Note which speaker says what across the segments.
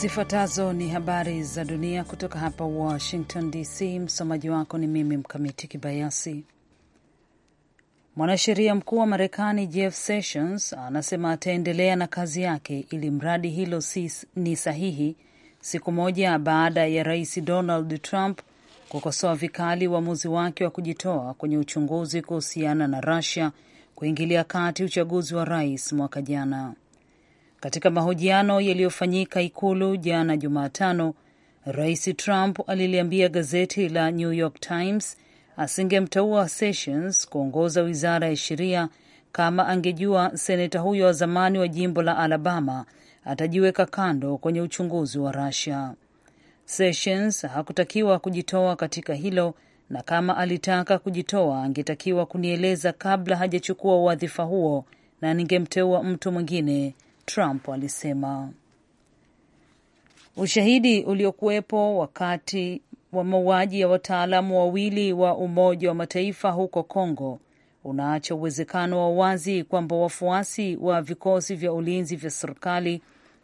Speaker 1: Zifuatazo ni habari za dunia kutoka hapa Washington DC. Msomaji wako ni mimi Mkamiti Kibayasi. Mwanasheria mkuu wa Marekani Jeff Sessions anasema ataendelea na kazi yake ili mradi hilo si ni sahihi, siku moja baada ya Rais Donald Trump kukosoa vikali uamuzi wa wake wa kujitoa kwenye uchunguzi kuhusiana na Russia kuingilia kati uchaguzi wa rais mwaka jana. Katika mahojiano yaliyofanyika ikulu jana Jumatano, Rais Trump aliliambia gazeti la New York Times asingemteua Sessions kuongoza wizara ya sheria kama angejua seneta huyo wa zamani wa jimbo la Alabama atajiweka kando kwenye uchunguzi wa rasia Sessions hakutakiwa kujitoa katika hilo, na kama alitaka kujitoa angetakiwa kunieleza kabla hajachukua wadhifa huo, na ningemteua mtu mwingine Trump alisema. Ushahidi uliokuwepo wakati wa mauaji ya wataalamu wawili wa Umoja wa Mataifa huko Kongo unaacha uwezekano wa wazi kwamba wafuasi wa vikosi vya ulinzi vya serikali,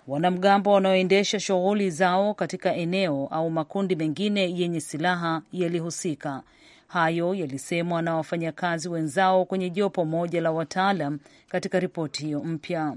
Speaker 1: wanamgambo wanaoendesha shughuli zao katika eneo au makundi mengine yenye silaha yalihusika. Hayo yalisemwa na wafanyakazi wenzao kwenye jopo moja la wataalam katika ripoti hiyo mpya.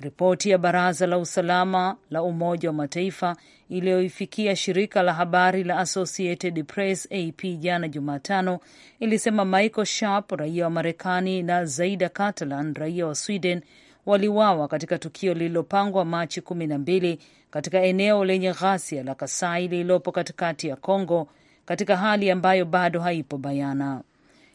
Speaker 1: Ripoti ya Baraza la Usalama la Umoja wa Mataifa iliyoifikia shirika la habari la Associated Press AP jana Jumatano ilisema Michael Sharp, raia wa Marekani, na Zaida Catalan, raia wa Sweden, waliwawa katika tukio lililopangwa Machi kumi na mbili katika eneo lenye ghasia la Kasai lililopo katikati ya congo katika hali ambayo bado haipo bayana.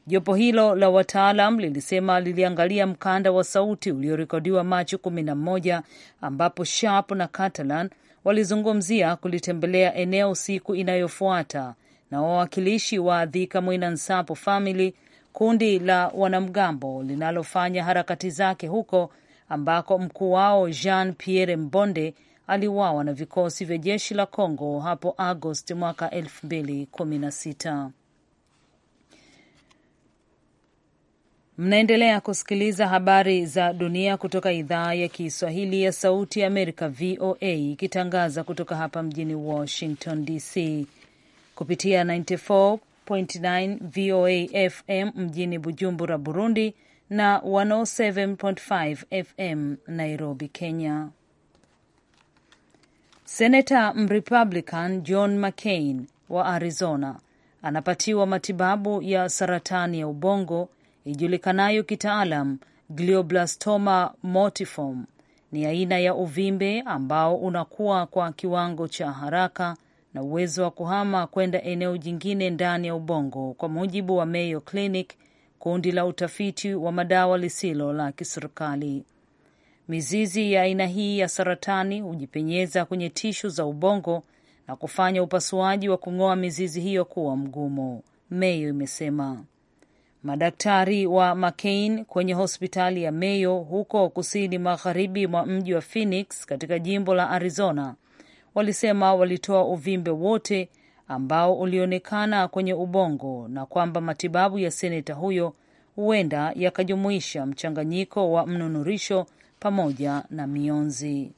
Speaker 1: Jopo hilo la wataalam lilisema liliangalia mkanda wa sauti uliorekodiwa Machi kumi na moja ambapo Sharp na Catalan walizungumzia kulitembelea eneo siku inayofuata na wawakilishi wa Thika Mwinansapu Family, kundi la wanamgambo linalofanya harakati zake huko ambako mkuu wao Jean Pierre Mbonde aliuawa na vikosi vya jeshi la congo hapo Agosti mwaka 216 Mnaendelea kusikiliza habari za dunia kutoka idhaa ya Kiswahili ya Sauti ya Amerika, VOA, ikitangaza kutoka hapa mjini Washington DC kupitia 94.9 VOA FM mjini Bujumbura, Burundi na 107.5 FM Nairobi, Kenya. Senata Mrepublican John McCain wa Arizona anapatiwa matibabu ya saratani ya ubongo ijulikanayo kitaalam glioblastoma motiform ni aina ya uvimbe ambao unakuwa kwa kiwango cha haraka na uwezo wa kuhama kwenda eneo jingine ndani ya ubongo, kwa mujibu wa Mayo Clinic, kundi la utafiti wa madawa lisilo la kiserikali. Mizizi ya aina hii ya saratani hujipenyeza kwenye tishu za ubongo na kufanya upasuaji wa kung'oa mizizi hiyo kuwa mgumu, Mayo imesema. Madaktari wa McCain kwenye hospitali ya Mayo huko kusini magharibi mwa mji wa Phoenix katika jimbo la Arizona walisema walitoa uvimbe wote ambao ulionekana kwenye ubongo na kwamba matibabu ya seneta huyo huenda yakajumuisha mchanganyiko wa mnunurisho pamoja na mionzi.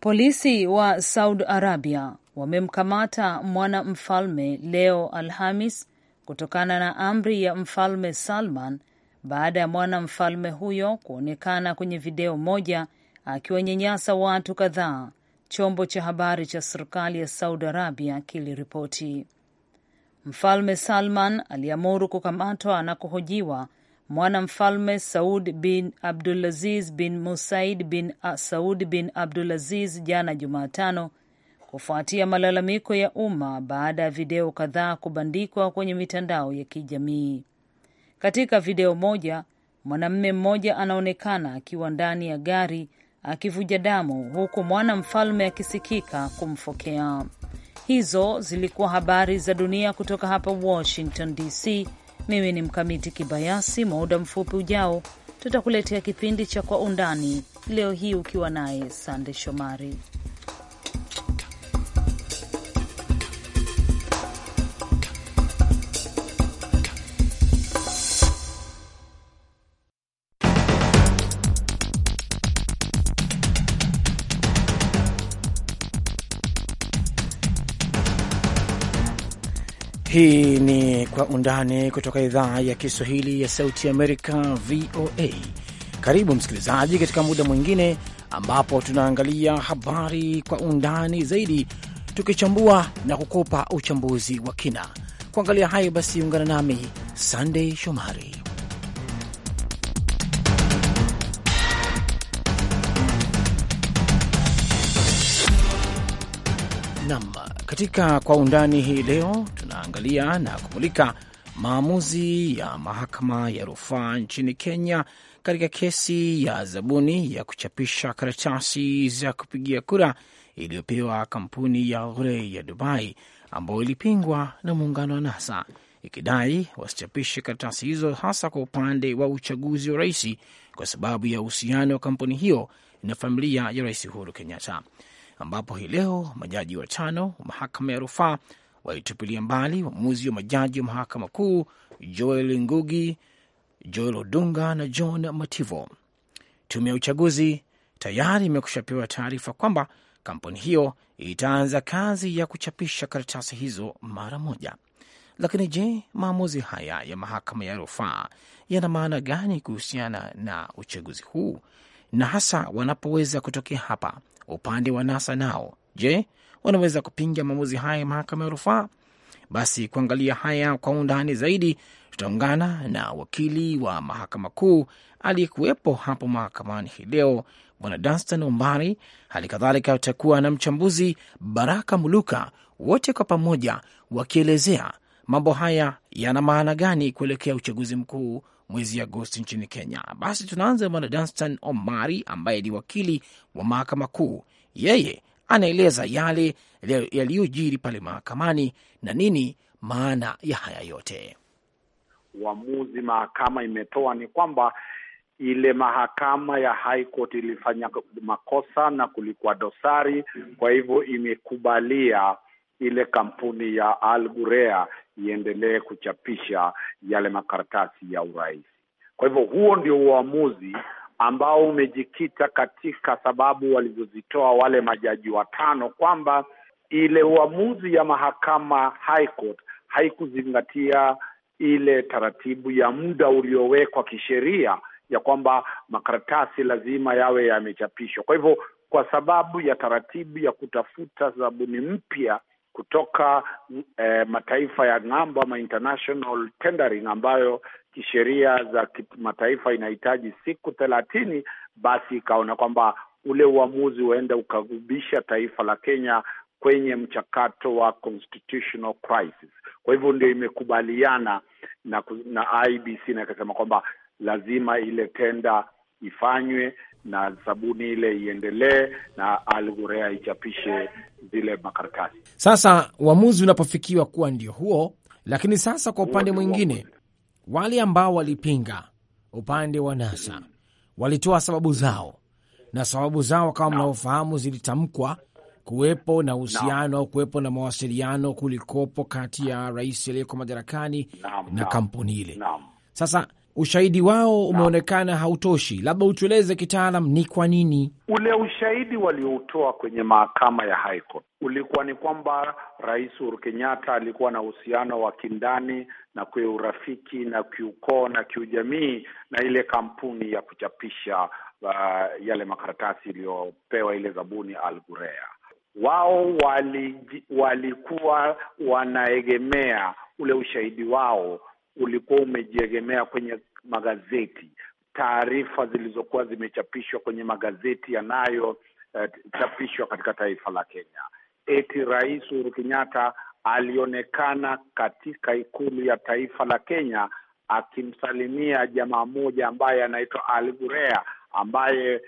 Speaker 1: Polisi wa Saudi Arabia wamemkamata mwanamfalme leo Alhamis kutokana na amri ya mfalme Salman baada ya mwanamfalme huyo kuonekana kwenye video moja akiwanyanyasa watu kadhaa, chombo cha habari cha serikali ya Saudi Arabia kiliripoti. Mfalme Salman aliamuru kukamatwa na kuhojiwa mwanamfalme Saud bin Abdulaziz bin Musaid bin Saud bin Abdulaziz jana Jumatano kufuatia malalamiko ya umma baada ya video kadhaa kubandikwa kwenye mitandao ya kijamii. Katika video moja, mwanamume mmoja anaonekana akiwa ndani ya gari akivuja damu huku mwana mfalme akisikika kumfokea. Hizo zilikuwa habari za dunia kutoka hapa Washington DC. Mimi ni Mkamiti Kibayasi. Muda mfupi ujao tutakuletea kipindi cha Kwa Undani, leo hii ukiwa naye Sande Shomari.
Speaker 2: Hii ni Kwa Undani kutoka idhaa ya Kiswahili ya Sauti Amerika, VOA. Karibu msikilizaji, katika muda mwingine ambapo tunaangalia habari kwa undani zaidi, tukichambua na kukopa uchambuzi wa kina. Kuangalia hayo basi, ungana nami Sandey Shomari. Nam, katika kwa undani hii leo tunaangalia na kumulika maamuzi ya mahakama ya rufaa nchini Kenya katika kesi ya zabuni ya kuchapisha karatasi za kupigia kura iliyopewa kampuni ya Ghurei ya Dubai ambayo ilipingwa na muungano wa NASA ikidai wasichapishe karatasi hizo hasa kwa upande wa uchaguzi wa rais kwa sababu ya uhusiano wa kampuni hiyo na familia ya Rais Uhuru Kenyatta ambapo hii leo majaji watano wa mahakama ya rufaa walitupilia mbali uamuzi wa majaji wa mahakama kuu Joel Ngugi, Joel Odunga na John Mativo. Tume ya uchaguzi tayari imekushapewa taarifa kwamba kampuni hiyo itaanza kazi ya kuchapisha karatasi hizo mara moja. Lakini je, maamuzi haya ya mahakama ya rufaa yana maana gani kuhusiana na uchaguzi huu na hasa wanapoweza kutokea hapa Upande wa NASA nao je, wanaweza kupinga maamuzi haya ya mahakama ya rufaa? Basi kuangalia haya kwa undani zaidi, tutaungana na wakili wa mahakama kuu aliyekuwepo hapo mahakamani hii leo, Bwana Danstan Umbari. Hali kadhalika utakuwa na mchambuzi Baraka Muluka, wote kwa pamoja wakielezea mambo haya yana maana gani kuelekea uchaguzi mkuu mwezi Agosti nchini Kenya. Basi tunaanza bwana Danstan Omari ambaye ni wakili wa mahakama kuu. Yeye anaeleza yale yaliyojiri pale mahakamani na nini maana ya haya yote.
Speaker 3: Uamuzi mahakama imetoa ni kwamba ile mahakama ya High Court ilifanya makosa na kulikuwa dosari, kwa hivyo imekubalia ile kampuni ya Al Ghurair iendelee kuchapisha yale makaratasi ya urais. Kwa hivyo huo ndio uamuzi ambao umejikita katika sababu walizozitoa wale majaji watano kwamba ile uamuzi ya mahakama High Court haikuzingatia ile taratibu ya muda uliowekwa kisheria ya kwamba makaratasi lazima yawe yamechapishwa. Kwa hivyo, kwa sababu ya taratibu ya kutafuta zabuni mpya kutoka eh, mataifa ya ng'ambo ama international tendering ambayo kisheria za kimataifa inahitaji siku thelathini, basi ikaona kwamba ule uamuzi huenda ukagubisha taifa la Kenya kwenye mchakato wa constitutional crisis. Kwa hivyo ndio imekubaliana na, na IBC na ikasema kwamba lazima ile tenda ifanywe na sabuni ile iendelee na Algorea ichapishe zile makaratasi.
Speaker 2: Sasa uamuzi unapofikiwa kuwa ndio huo, lakini sasa kwa upande mwingine wale ambao walipinga upande wa NASA walitoa sababu zao na sababu zao kama mnavyofahamu zilitamkwa kuwepo na uhusiano au kuwepo na mawasiliano kulikopo kati ya rais aliyeko madarakani na, na kampuni ile. Sasa ushahidi wao umeonekana hautoshi, labda utueleze kitaalam ni kwa nini
Speaker 3: ule ushahidi walioutoa kwenye mahakama ya High Court ulikuwa ni kwamba Rais Uhuru Kenyatta alikuwa na uhusiano wa kindani na urafiki na kiukoo na kiujamii na ile kampuni ya kuchapisha uh, yale makaratasi iliyopewa ile zabuni Al Ghurair. Wao wali, walikuwa wanaegemea ule ushahidi wao ulikuwa umejiegemea kwenye magazeti, taarifa zilizokuwa zimechapishwa kwenye magazeti yanayochapishwa eh, uh, katika taifa la Kenya. Eti Rais Uhuru Kenyatta alionekana katika ikulu ya taifa la Kenya akimsalimia jamaa mmoja ambaye anaitwa algurea ambaye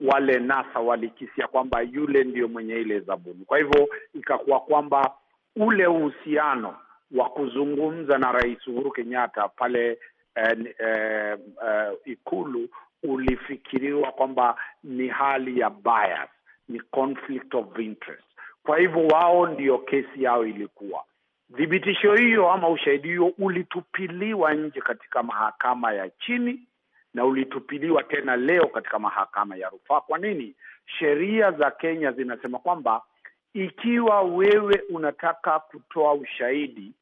Speaker 3: wale NASA walikisia kwamba yule ndiyo mwenye ile zabuni. Kwa hivyo ikakuwa kwamba ule uhusiano wa kuzungumza na Rais Uhuru Kenyatta pale en, eh, eh, eh, Ikulu ulifikiriwa kwamba ni hali ya bias, ni conflict of interest. Kwa hivyo wao ndio kesi yao ilikuwa thibitisho hiyo ama ushahidi huo ulitupiliwa nje katika mahakama ya chini na ulitupiliwa tena leo katika mahakama ya rufaa. Kwa nini? Sheria za Kenya zinasema kwamba ikiwa wewe unataka kutoa ushahidi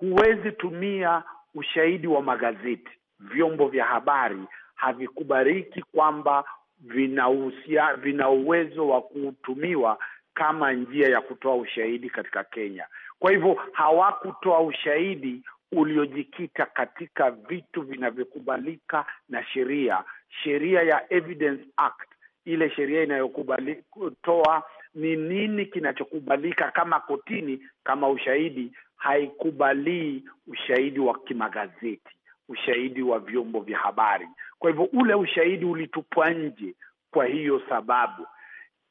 Speaker 3: huwezi tumia ushahidi wa magazeti. Vyombo vya habari havikubariki kwamba vinahusia, vina uwezo wa kutumiwa kama njia ya kutoa ushahidi katika Kenya. Kwa hivyo hawakutoa ushahidi uliojikita katika vitu vinavyokubalika na sheria, sheria ya Evidence Act, ile sheria inayokubali kutoa ni nini kinachokubalika kama kotini kama ushahidi. Haikubalii ushahidi wa kimagazeti, ushahidi wa vyombo vya habari. Kwa hivyo ule ushahidi ulitupwa nje. Kwa hiyo sababu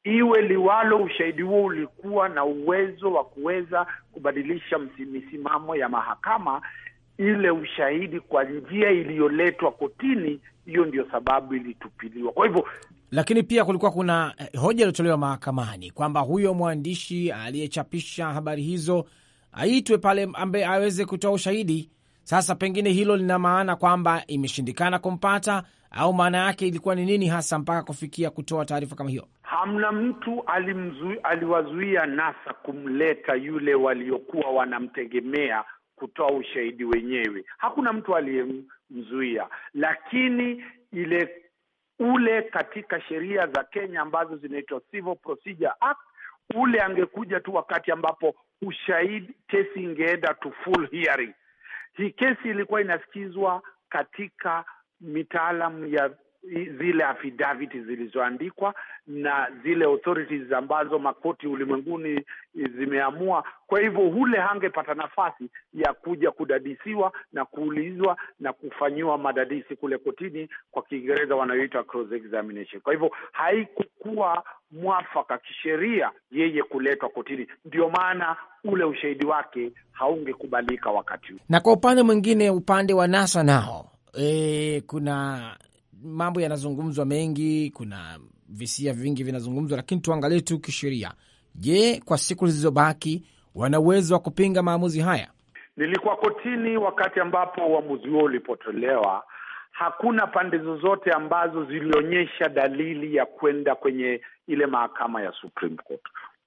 Speaker 3: iwe liwalo, ushahidi huo ulikuwa na uwezo wa kuweza kubadilisha misimamo ya mahakama ile ushahidi kwa njia iliyoletwa kotini. Hiyo ndio sababu ilitupiliwa. Kwa
Speaker 2: hivyo, lakini pia kulikuwa kuna eh, hoja iliyotolewa mahakamani kwamba huyo mwandishi aliyechapisha habari hizo aitwe pale, ambaye aweze kutoa ushahidi. Sasa pengine hilo lina maana kwamba imeshindikana kumpata au maana yake ilikuwa ni nini hasa mpaka kufikia kutoa taarifa kama hiyo?
Speaker 3: Hamna mtu aliwazuia NASA kumleta yule waliokuwa wanamtegemea kutoa ushahidi wenyewe. Hakuna mtu aliyemzuia, lakini ile ule katika sheria za Kenya ambazo zinaitwa Civil Procedure Act, ule angekuja tu wakati ambapo ushahidi, kesi ingeenda to full hearing. Hii kesi ilikuwa inasikizwa katika mitaalamu ya zile afidaviti zilizoandikwa na zile authorities ambazo makoti ulimwenguni zimeamua. Kwa hivyo hule hangepata nafasi ya kuja kudadisiwa na kuulizwa na kufanyiwa madadisi kule kotini, kwa Kiingereza wanayoitwa cross examination. Kwa hivyo haikukuwa mwafaka kisheria yeye kuletwa kotini, ndio maana ule ushahidi wake haungekubalika wakati huu.
Speaker 2: Na kwa upande mwingine, upande wa NASA nao e, kuna mambo yanazungumzwa mengi, kuna visia vingi vinazungumzwa, lakini tuangalie tu kisheria. Je, kwa siku zilizobaki wana uwezo wa kupinga maamuzi haya?
Speaker 3: Nilikuwa kotini wakati ambapo uamuzi huo ulipotolewa. Hakuna pande zozote ambazo zilionyesha dalili ya kwenda kwenye ile mahakama ya Supreme Court.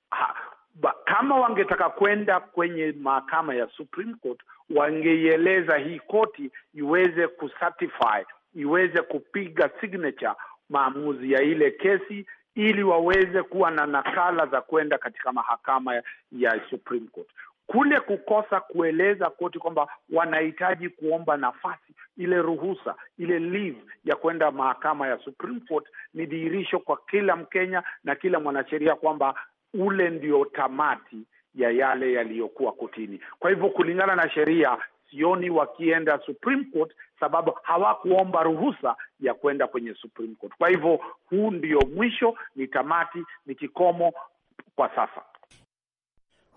Speaker 3: Ha, ba, kama wangetaka kwenda kwenye mahakama ya Supreme Court wangeieleza hii koti iweze kusatify iweze kupiga signature maamuzi ya ile kesi ili waweze kuwa na nakala za kwenda katika mahakama ya Supreme Court. Kule kukosa kueleza koti kwamba wanahitaji kuomba nafasi ile, ruhusa ile, leave ya kwenda mahakama ya Supreme Court ni dhihirisho kwa kila Mkenya na kila mwanasheria kwamba ule ndio tamati ya yale yaliyokuwa kotini. Kwa hivyo kulingana na sheria sioni wakienda Supreme Court sababu hawakuomba ruhusa ya kwenda kwenye Supreme Court. Kwa hivyo huu ndio mwisho, ni tamati, ni kikomo kwa sasa.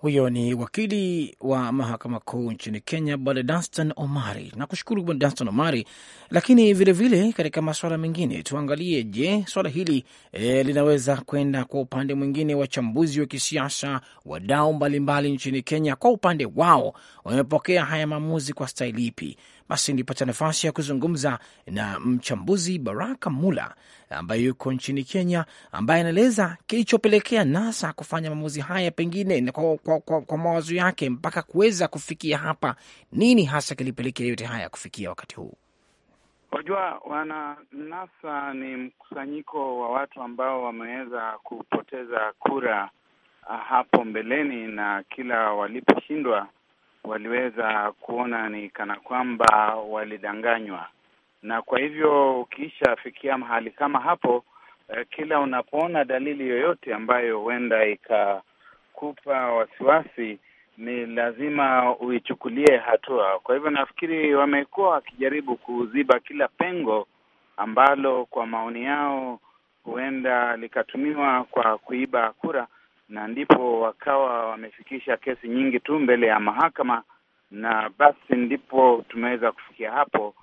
Speaker 2: Huyo ni wakili wa mahakama kuu nchini Kenya, Bwana Danstan Omari. Nakushukuru Bwana Danstan Omari. Lakini vilevile katika masuala mengine tuangalie, je, swala hili e, linaweza kwenda kwa upande mwingine? Wachambuzi wa kisiasa, wadau mbalimbali nchini Kenya, kwa upande wao wamepokea haya maamuzi kwa staili ipi? basi nilipata nafasi ya kuzungumza na mchambuzi Baraka Mula ambaye yuko nchini Kenya, ambaye anaeleza kilichopelekea NASA kufanya maamuzi haya, pengine kwa, kwa, kwa, kwa mawazo yake mpaka kuweza kufikia hapa. Nini hasa kilipelekea yote haya kufikia wakati huu?
Speaker 4: Wajua, wana NASA ni mkusanyiko wa watu ambao wameweza kupoteza kura ah, hapo mbeleni, na kila waliposhindwa waliweza kuona ni kana kwamba walidanganywa, na kwa hivyo ukishafikia mahali kama hapo eh, kila unapoona dalili yoyote ambayo huenda ikakupa wasiwasi ni lazima uichukulie hatua. Kwa hivyo nafikiri wamekuwa wakijaribu kuziba kila pengo ambalo kwa maoni yao huenda likatumiwa kwa kuiba kura, na ndipo wakawa wamefikisha kesi nyingi tu mbele ya mahakama, na basi ndipo tumeweza kufikia hapo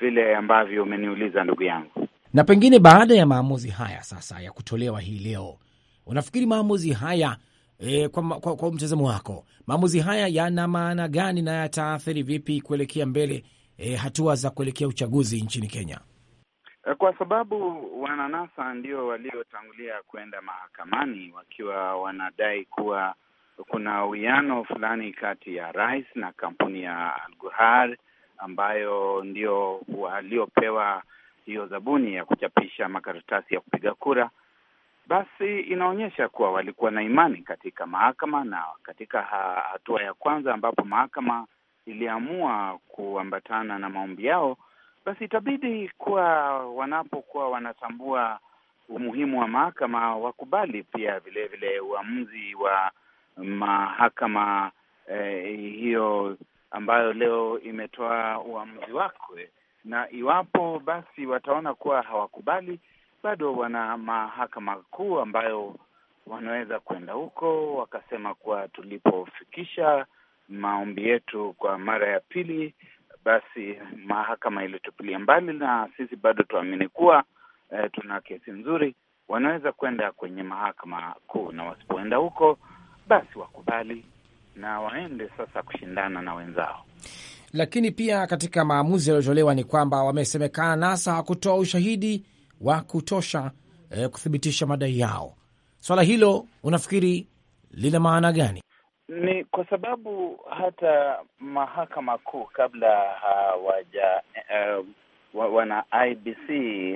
Speaker 4: vile ambavyo umeniuliza ndugu yangu.
Speaker 2: Na pengine baada ya maamuzi haya sasa ya kutolewa hii leo, unafikiri maamuzi
Speaker 4: haya e, kwa, kwa,
Speaker 2: kwa mtazamo wako maamuzi haya yana maana gani na yataathiri vipi kuelekea mbele e, hatua za kuelekea uchaguzi nchini Kenya?
Speaker 4: Eh, kwa sababu wananasa ndio waliotangulia kwenda mahakamani wakiwa wanadai kuwa kuna uwiano fulani kati ya rais na kampuni ya alguhar ambayo ndio waliopewa hiyo zabuni ya kuchapisha makaratasi ya kupiga kura. Basi inaonyesha kuwa walikuwa na imani katika mahakama, na katika hatua ya kwanza ambapo mahakama iliamua kuambatana na maombi yao basi itabidi kuwa wanapokuwa wanatambua umuhimu wa mahakama wakubali pia vilevile uamuzi wa mahakama eh, hiyo ambayo leo imetoa uamuzi wake, na iwapo basi wataona kuwa hawakubali, bado wana mahakama kuu ambayo wanaweza kwenda huko wakasema kuwa tulipofikisha maombi yetu kwa mara ya pili basi mahakama ilitupilia mbali, na sisi bado tuamini kuwa eh, tuna kesi nzuri. Wanaweza kwenda kwenye mahakama kuu, na wasipoenda huko, basi wakubali na waende sasa kushindana na wenzao.
Speaker 2: Lakini pia katika maamuzi yaliyotolewa ni kwamba wamesemekana NASA hakutoa ushahidi wa kutosha eh, kuthibitisha madai yao. Swala hilo unafikiri lina maana gani?
Speaker 4: Ni kwa sababu hata mahakama kuu kabla hawaja uh, wana IBC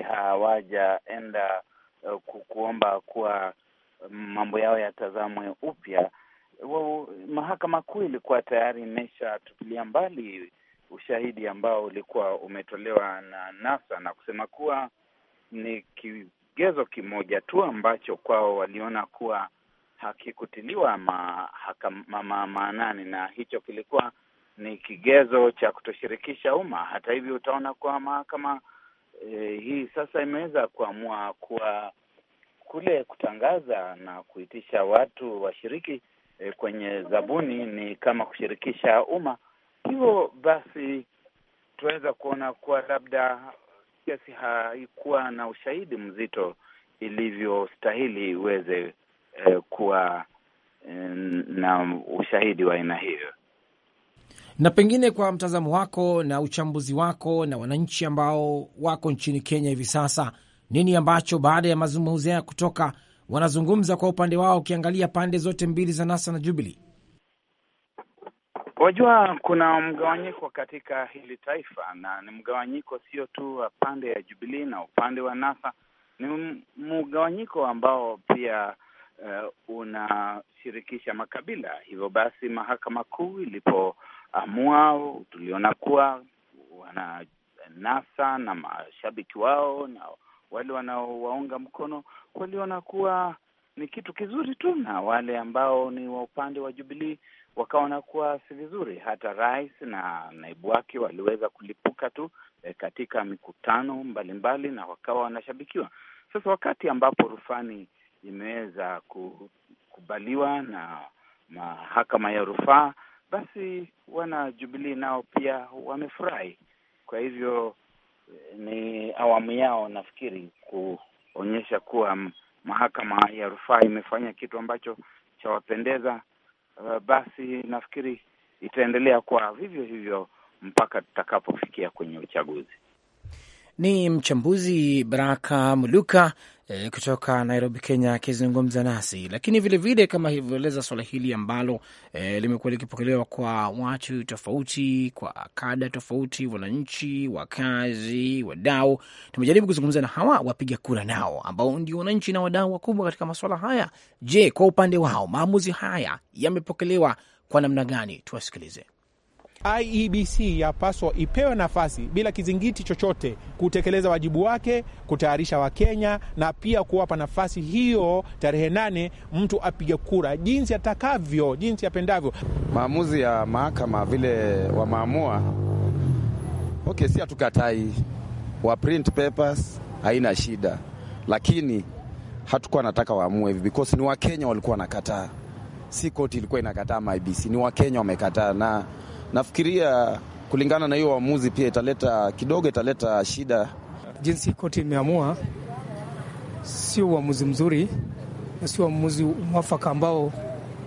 Speaker 4: hawajaenda uh, kuomba kuwa mambo yao yatazamwe upya. Mahakama kuu ilikuwa tayari imeshatupilia mbali ushahidi ambao ulikuwa umetolewa na NASA na kusema kuwa ni kigezo kimoja tu ambacho kwao waliona kuwa hakikutiliwa maanani ma, ma, ma, na hicho kilikuwa ni kigezo cha kutoshirikisha umma. Hata hivyo, utaona kuwa mahakama e, hii sasa imeweza kuamua kuwa kule kutangaza na kuitisha watu washiriki e, kwenye zabuni ni kama kushirikisha umma. Hivyo basi tunaweza kuona kuwa labda kesi haikuwa na ushahidi mzito ilivyostahili iweze eh, kuwa eh, na ushahidi wa aina hiyo.
Speaker 2: Na pengine kwa mtazamo wako na uchambuzi wako na wananchi ambao wako nchini Kenya hivi sasa, nini ambacho baada ya mazungumzo haya kutoka wanazungumza kwa upande wao, ukiangalia pande zote mbili za NASA na Jubilee?
Speaker 4: Wajua, kuna mgawanyiko katika hili taifa, na ni mgawanyiko sio tu wa pande ya Jubilee na upande wa NASA, ni mgawanyiko ambao pia uh, unashirikisha makabila. Hivyo basi mahakama kuu ilipoamua, tuliona kuwa wana NASA na mashabiki wao na wale wanaowaunga mkono waliona kuwa ni kitu kizuri tu, na wale ambao ni wa upande wa Jubilii wakaona kuwa si vizuri. Hata rais na naibu wake waliweza kulipuka tu e, katika mikutano mbalimbali mbali, na wakawa wanashabikiwa. Sasa wakati ambapo rufani imeweza kukubaliwa na mahakama ya rufaa, basi wana jubilii nao pia wamefurahi. Kwa hivyo eh, ni awamu yao nafikiri kuonyesha kuwa mahakama ya rufaa imefanya kitu ambacho chawapendeza. Eh, basi nafikiri itaendelea kwa vivyo hivyo mpaka tutakapofikia kwenye uchaguzi.
Speaker 2: Ni mchambuzi Baraka Muluka e, kutoka Nairobi, Kenya, akizungumza nasi. Lakini vilevile vile kama ilivyoeleza swala hili ambalo e, limekuwa likipokelewa kwa watu tofauti, kwa kada tofauti, wananchi, wakazi, wadau, tumejaribu kuzungumza na hawa wapiga kura nao ambao ndio wananchi na wadau wakubwa katika masuala haya. Je, kwa upande wao maamuzi haya yamepokelewa kwa namna gani? Tuwasikilize. IEBC yapaswa ipewe nafasi bila kizingiti chochote kutekeleza wajibu wake, kutayarisha Wakenya na
Speaker 3: pia kuwapa nafasi hiyo tarehe nane mtu apige kura jinsi atakavyo,
Speaker 4: jinsi apendavyo. Maamuzi ya mahakama vile wameamua, okay, si hatukatai, wa print papers haina shida, lakini hatukuwa nataka waamue hivi because ni Wakenya walikuwa wanakataa, si koti ilikuwa inakataa, ma ni Wakenya wamekataa na nafikiria kulingana na hiyo uamuzi pia italeta kidogo, italeta shida. Jinsi koti imeamua
Speaker 2: sio uamuzi mzuri na sio uamuzi mwafaka ambao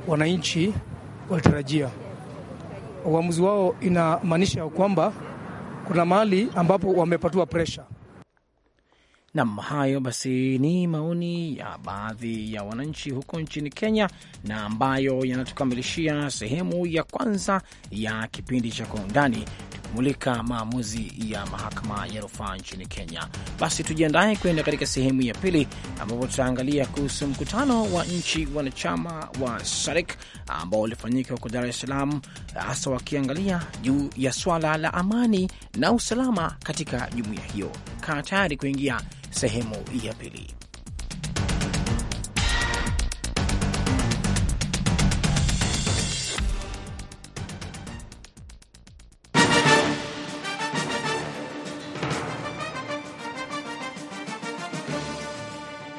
Speaker 2: wananchi walitarajia. Uamuzi wao inamaanisha kwamba kuna mahali ambapo wamepatua presha Nam, hayo basi ni maoni ya baadhi ya wananchi huko nchini Kenya, na ambayo yanatukamilishia sehemu ya kwanza ya kipindi cha Kwa Undani mulika maamuzi ya mahakama ya rufaa nchini Kenya. Basi tujiandaye kwenda katika sehemu ya pili, ambapo tutaangalia kuhusu mkutano wa nchi wanachama wa SADC ambao ulifanyika huko Dar es Salaam, hasa wakiangalia juu ya swala la amani na usalama katika jumuiya hiyo. Kaa tayari kuingia sehemu ya pili.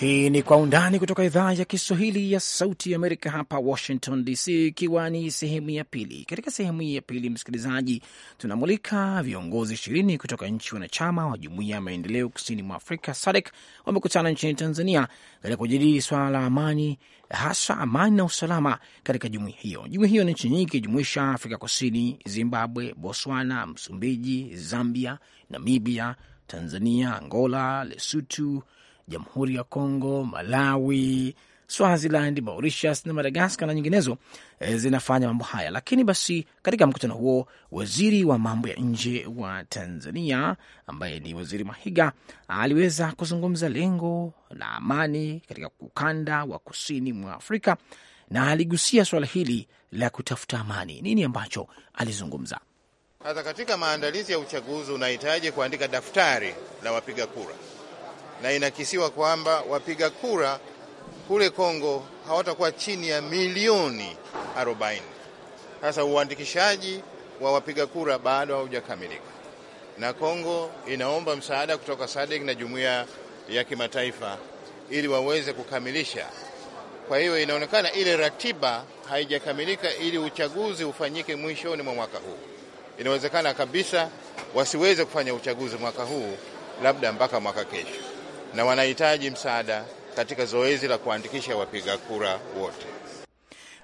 Speaker 2: Hii ni Kwa Undani kutoka idhaa ya Kiswahili ya Sauti ya Amerika hapa Washington DC, ikiwa ni sehemu ya pili. Katika sehemu hii ya pili, msikilizaji, tunamulika viongozi ishirini kutoka nchi wanachama wa Jumuiya ya Maendeleo Kusini mwa Afrika SADC wamekutana nchini Tanzania katika kujadili swala la amani, hasa amani na usalama katika jumuia hiyo. jumuia hiyo ni nchi nyingi ikijumuisha Afrika Kusini, Zimbabwe, Botswana, Msumbiji, Zambia, Namibia, Tanzania, Angola, Lesotho, Jamhuri ya Kongo, Malawi, Swaziland, Mauritius na Madagaskar na nyinginezo e, zinafanya mambo haya. Lakini basi katika mkutano huo, waziri wa mambo ya nje wa Tanzania ambaye ni Waziri Mahiga aliweza kuzungumza lengo la amani katika ukanda wa kusini mwa Afrika na aligusia suala hili la kutafuta amani. Nini ambacho alizungumza?
Speaker 5: Hata katika maandalizi ya uchaguzi unahitaji kuandika daftari la wapiga kura na inakisiwa kwamba wapiga kura kule Kongo hawatakuwa chini ya milioni 40. Sasa uandikishaji wa wapiga kura bado haujakamilika, na Kongo inaomba msaada kutoka SADC na jumuiya ya kimataifa ili waweze kukamilisha. Kwa hiyo inaonekana ile ratiba haijakamilika ili uchaguzi ufanyike mwishoni mwa mwaka huu. Inawezekana kabisa wasiweze kufanya uchaguzi mwaka huu, labda mpaka mwaka kesho na wanahitaji msaada katika zoezi la kuandikisha wapiga kura wote.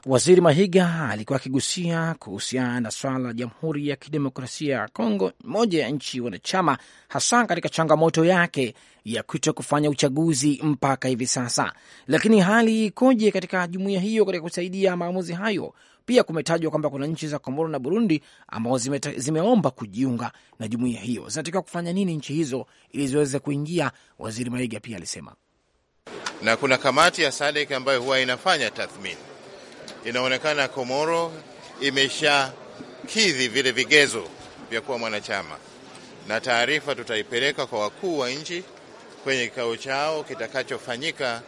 Speaker 2: Waziri Mahiga alikuwa akigusia kuhusiana na swala la Jamhuri ya Kidemokrasia ya Kongo, moja ya nchi wanachama, hasa katika changamoto yake ya kuto kufanya uchaguzi mpaka hivi sasa. Lakini hali ikoje katika jumuiya hiyo katika kusaidia maamuzi hayo? Pia kumetajwa kwamba kuna nchi za Komoro na Burundi ambazo zime, zimeomba kujiunga na jumuiya hiyo. Zinatakiwa kufanya nini nchi hizo ili ziweze kuingia? Waziri Maiga pia alisema,
Speaker 5: na kuna kamati ya SADC ambayo huwa inafanya tathmini. Inaonekana Komoro imeshakidhi vile vigezo vya kuwa mwanachama, na taarifa tutaipeleka kwa wakuu wa nchi kwenye kikao chao kitakachofanyika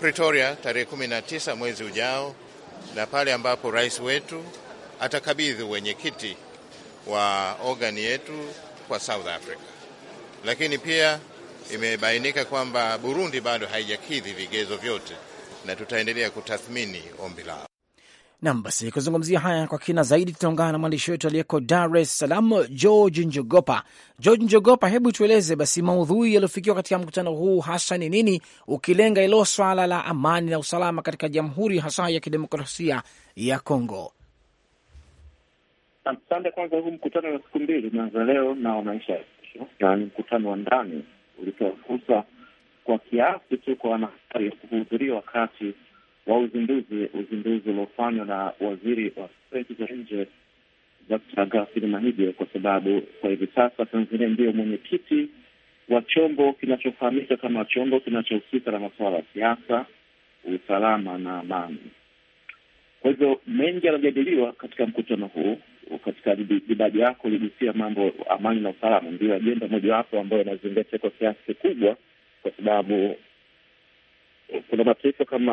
Speaker 5: Pretoria tarehe 19 mwezi ujao na pale ambapo rais wetu atakabidhi wenyekiti wa ogani yetu kwa South Africa. Lakini pia imebainika kwamba Burundi bado haijakidhi vigezo vyote na tutaendelea kutathmini ombi lao.
Speaker 2: Nam, basi kuzungumzia haya kwa kina zaidi, tutaungana na mwandishi wetu aliyeko Dar es Salaam, George Njogopa. George Njogopa, hebu tueleze basi maudhui yaliyofikiwa katika mkutano huu hasa ni nini, ukilenga ilo swala la amani na usalama katika Jamhuri hasa ya Kidemokrasia ya Kongo?
Speaker 6: Asante. Kwanza, huu mkutano wa siku mbili umeanza leo na unaisha kesho, na ni mkutano wa ndani, ulitoa fursa kwa kiasi tu kwa wanahabari kuhudhuria wakati wa uzinduzi uzinduzi uliofanywa na waziri wa fedha za nje Dkt. Ghaffil Mahige, kwa sababu kwa hivi sasa Tanzania ndiyo mwenyekiti wa chombo kinachofahamika kama chombo kinachohusika na masuala ya siasa, usalama na amani. Kwa hivyo mengi yanajadiliwa katika mkutano huu. Katika jibaji yako uligusia mambo amani na usalama, ndiyo ajenda mojawapo ambayo inazingatia kwa kiasi kikubwa, kwa sababu kuna mataifa kama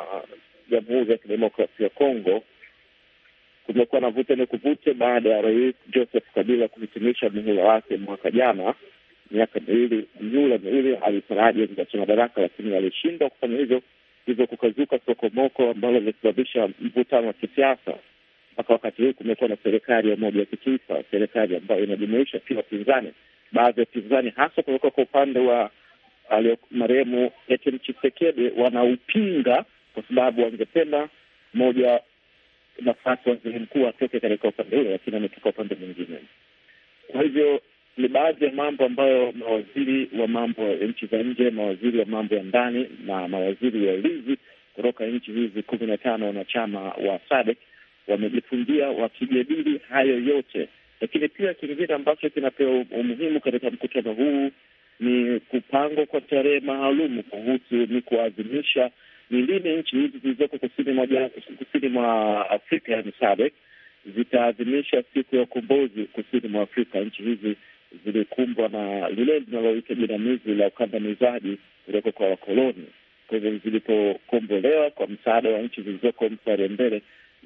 Speaker 6: uh, Jamhuri ya Kidemokrasia ya Kongo, kumekuwa na vuta ni kuvute baada ya Rais Joseph Kabila kuhitimisha muhula wake mwaka jana, miaka miwili, mihula miwili. Alitaraji akiachia madaraka, lakini alishindwa kufanya hivyo, hivyo kukazuka sokomoko ambalo limesababisha mvutano wa kisiasa mpaka wakati huu. Kumekuwa na serikali ya umoja wa kitaifa, serikali ambayo inajumuisha pia wapinzani, baadhi ya wapinzani hasa kutoka kwa upande wa marehemu Etienne Chisekede wanaupinga kwa sababu wangependa moja nafasi waziri mkuu atoke katika upande huo lakini ametoka upande mwingine. Kwa hivyo ni baadhi ya mambo ambayo mawaziri wa mambo ya nchi za nje, mawaziri wa mambo ya ndani na mawaziri wa ulinzi kutoka nchi hizi kumi na tano wanachama wa SADC wamejifungia wakijadili hayo yote, lakini pia kingine ambacho kinapewa umuhimu katika mkutano huu ni kupangwa kwa tarehe maalum kuhusu ni kuadhimisha ni lini nchi hizi zilizoko kusini mwa Afrika yani SADC zitaadhimisha siku ya ukombozi kusini mwa Afrika. Nchi hizi zilikumbwa na lile linaloita jinamizi la ukandamizaji kutoka kwa wakoloni. Kwa hivyo zilipokombolewa kwa msaada wa nchi zilizoko mstari wa mbele,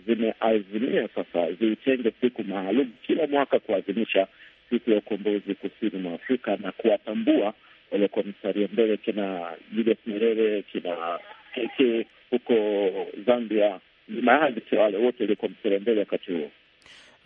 Speaker 6: zimeazimia sasa ziitenge siku maalum kila mwaka kuadhimisha siku ya ukombozi kusini mwa Afrika na kuwatambua waliokuwa mstari mbele kina Julius Nyerere, kina Keke huko Zambia, ni baadhi wale wote waliokuwa mstari mbele wakati huo.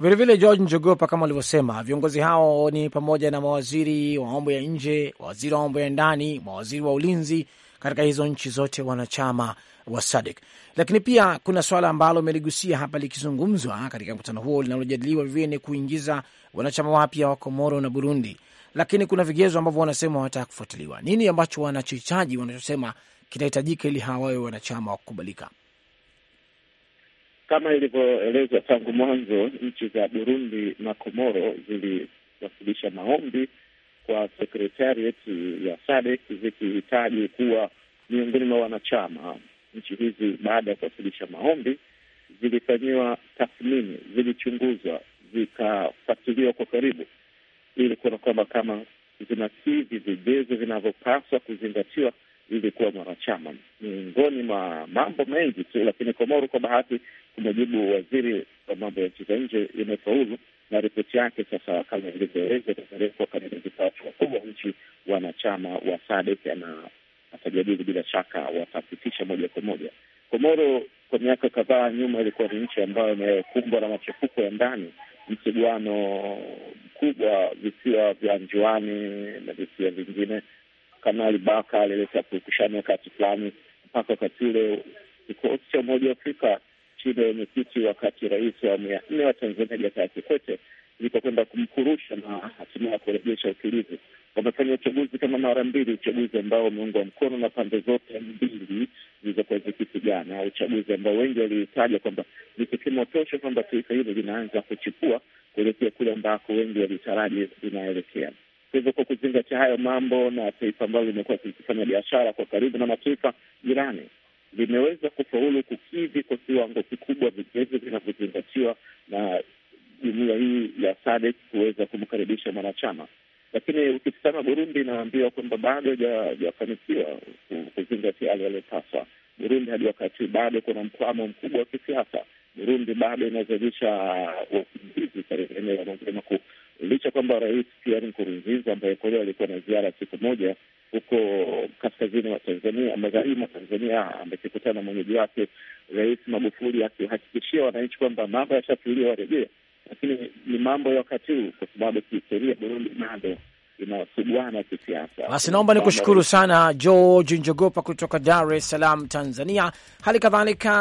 Speaker 2: Vilevile George Njogopa, kama walivyosema viongozi hao ni pamoja na mawaziri wa mambo ya nje, waziri wa mambo ya ndani, mawaziri wa ulinzi katika hizo nchi zote wanachama wa SADC. Lakini pia kuna swala ambalo umeligusia hapa likizungumzwa katika mkutano huo linalojadiliwa vivyo ni kuingiza wanachama wapya wa Komoro na Burundi, lakini kuna vigezo ambavyo wanasema wanataka kufuatiliwa. Nini ambacho wanachohitaji, wanachosema kinahitajika ili hawa wawe wanachama wa kukubalika?
Speaker 6: Kama ilivyoelezwa tangu mwanzo, nchi za Burundi na Komoro ziliwasilisha maombi kwa sekretariat ya SADC zikihitaji kuwa miongoni mwa wanachama nchi hizi baada ya kuwasilisha maombi zilifanyiwa tathmini, zilichunguzwa, zikafuatiliwa kwa karibu ili kuona kwamba kama zinakidhi vigezo vinavyopaswa kuzingatiwa ili kuwa mwanachama. Miongoni mwa mambo mengi tu, lakini Komoro kwa bahati, kwa mujibu waziri wa mambo ya nchi za nje, imefaulu na ripoti yake sasa, kama ilivyoeleza, itapelekwa katika vikao vikubwa nchi wanachama wa SADC na atajadili bila shaka watapitisha moja kwa moja. Komoro kwa miaka kadhaa nyuma ilikuwa ni nchi ambayo imekumbwa na machafuko ya ndani, msuguano mkubwa, visiwa vya Njuani na visiwa vingine. Kanali Baka alileta purukushani wakati fulani, mpaka wakati ule kikosi cha Umoja wa Afrika chini ya wenyekiti wakati rais wa awamu ya nne wa Tanzania Jakaya Kikwete ilipokwenda kumkurusha na hatimaye kurejesha utulivu wamefanya uchaguzi kama mara mbili, uchaguzi ambao umeungwa mkono na pande zote mbili zilizokuwa zikipigana, uchaguzi ambao wengi walitaja kwamba ni kipimo tosha kwamba taifa hilo linaanza kuchipua kuelekea kule ambako wengi walitaraji linaelekea. Kwa hivyo, kwa kuzingatia hayo mambo, na taifa ambalo limekuwa likifanya biashara kwa karibu na mataifa jirani limeweza kufaulu kukidhi kwa kiwango kikubwa vigezo vinavyozingatiwa na jumuiya hii ya SADC kuweza kumkaribisha mwanachama lakini ukitizama Burundi inaambiwa kwamba bado hajafanikiwa kuzingatia yale yaliyopaswa. Burundi hadi wakati bado kuna mkwamo mkubwa wa kisiasa. Burundi bado inazalisha wakimbizi katika eneo la maziwa makuu, licha kwamba Rais Pierre Nkurunziza ambaye kwa leo alikuwa na ziara siku moja huko kaskazini wa Tanzania, magharibi mwa Tanzania, amekikutana na mwenyeji wake Rais Magufuli akihakikishia wananchi kwamba mambo yashatulia, warejea lakini ni mambo ya wakati huu, kwa sababu kihistoria Burundi bado inasuguana kisiasa. Basi naomba nikushukuru
Speaker 2: sana George Njogopa kutoka Dar es Salaam, Tanzania, hali kadhalika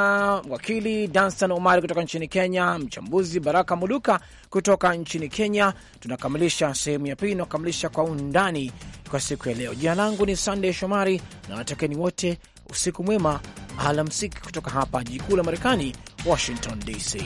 Speaker 2: wakili Danstan Omari kutoka nchini Kenya, mchambuzi Baraka Muluka kutoka nchini Kenya. Tunakamilisha sehemu ya pili inaokamilisha kwa undani kwa siku ya leo. Jina langu ni Sandey Shomari na watakeni wote usiku mwema, alamsiki kutoka hapa jiji kuu la Marekani, Washington DC.